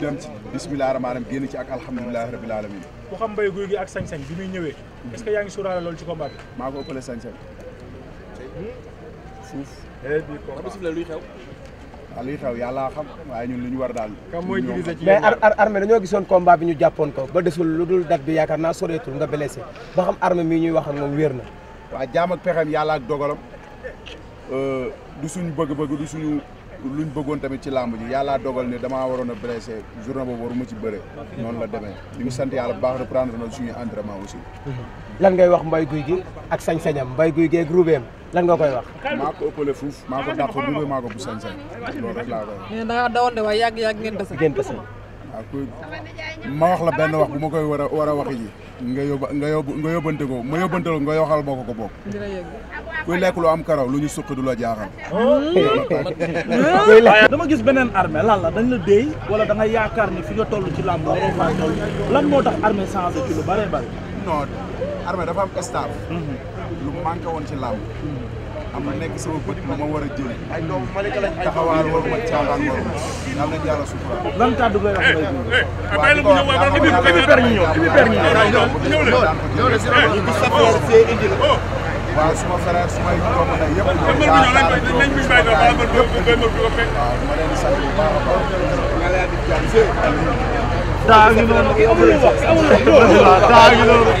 dem ci bisimilah rahmaani rahiim génn ci ak alhamdulilah rabil alamin ku xam mbay guy gi ak sañ-sañ bi muy ñëwee. est-ce que yaa ngi suuraale loolu ci combat bi. maa ko ëppale sañ-sañ. suuf. Eh, bisimilah lu ñu war daal. kam mooy divisé ci mais gisoon combat bi ñu jàppoon ko ba desul lu dul date bi yaakaar naa soreetul nga blessé ba xam armée mii ñuy wax ak moom wér na. waaw jaam ak pexeem yàlla ak dogalam euh, du suñu bëgg-bëgg du suñu luñ bëggoon tamit ci làmb ji yàllaa dogal ne damaa waroon a blessé journée boobu waruma ci bëre noonu la demee ñu ngi sant yàlla bu baax reprendre na suñu entraînement aussi mhm. lan ngay wax mbay guy gi ak sañ-sañam mbay guy gi ak ruubeem lan nga koy wax maa ko ëppale fuuf maa ko dàq ruube maa ko bu sañ-sañ loolu rek laa koy wax dangaa dawoon de waaye yàgg-yàgg ngeen ma wax la benn wax bu ma koy war a war a wax ji nga yóbbu nga yóbbu nga yóbbante ko ma yóbbante ko nga yoxal boo ko ko bokk. kuy lekk lu am karaw lu ñu suqi du la jaaxal. dama gis beneen armée lan la dañ la déy wala da yaakaar ni fi nga toll ci làmb waroo lan moo tax armée changé ci lu bëree bëri. non armée dafa am staff. Mhm. lu manqué woon ci làmb. Mhm. am na nekk sama bët ma ma war a jëli taxawaal war ma caalaan war ma yàlla na yàlla suturaal. lan kàddu ngay wax mbay mi. waaw li ko wax daal moom daal di per ñi ñëw di per ñi ñëw. waaw suma frère sumay doomu ndey yëpp. waaw ma leen di sant bu baax a baax. daa ngi noonu daa ngi noonu